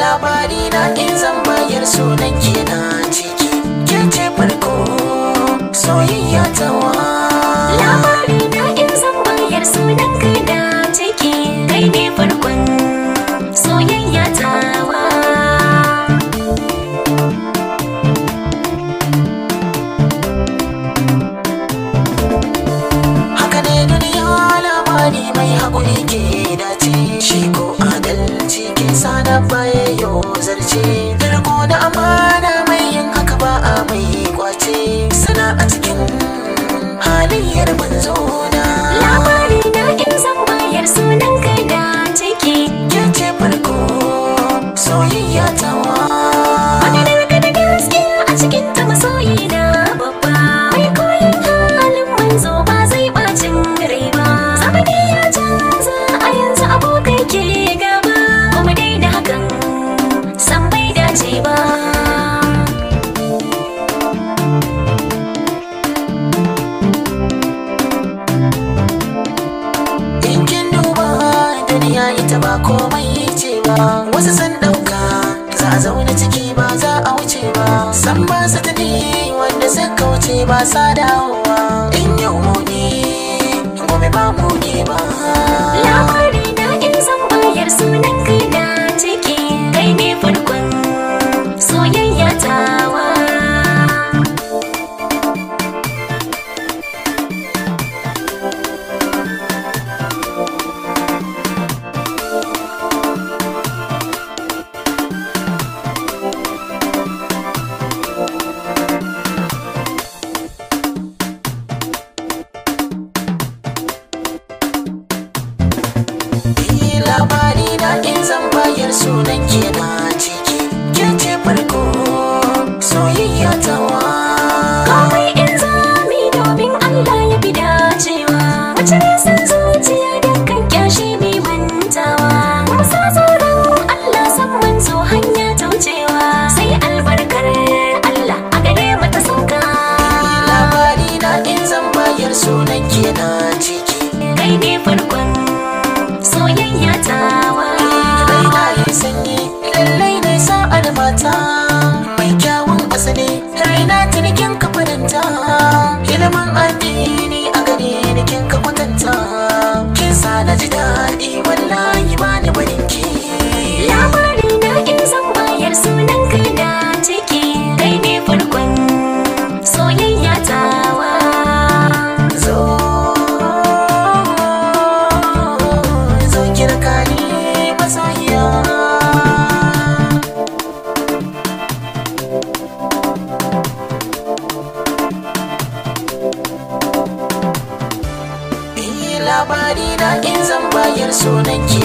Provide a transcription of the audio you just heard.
labari na in zan bayar sunan na ciki ke farko soyayya ta wa komai ce ba wasu sun ɗauka za a zaune ciki ba za a wuce ba san ba su tafi wanda sun kauce ba sa dawowa in yau ne sunan ke na ciki. kai ne farkon soyayya ta wani raina ya sanyi lallai ne sa'ar mata mai kyawun asali raina tunikin ka faranta ilimin addini a gare ni ka kwatanta kin sa na ji daɗi wallahi in zan bayar sunan ki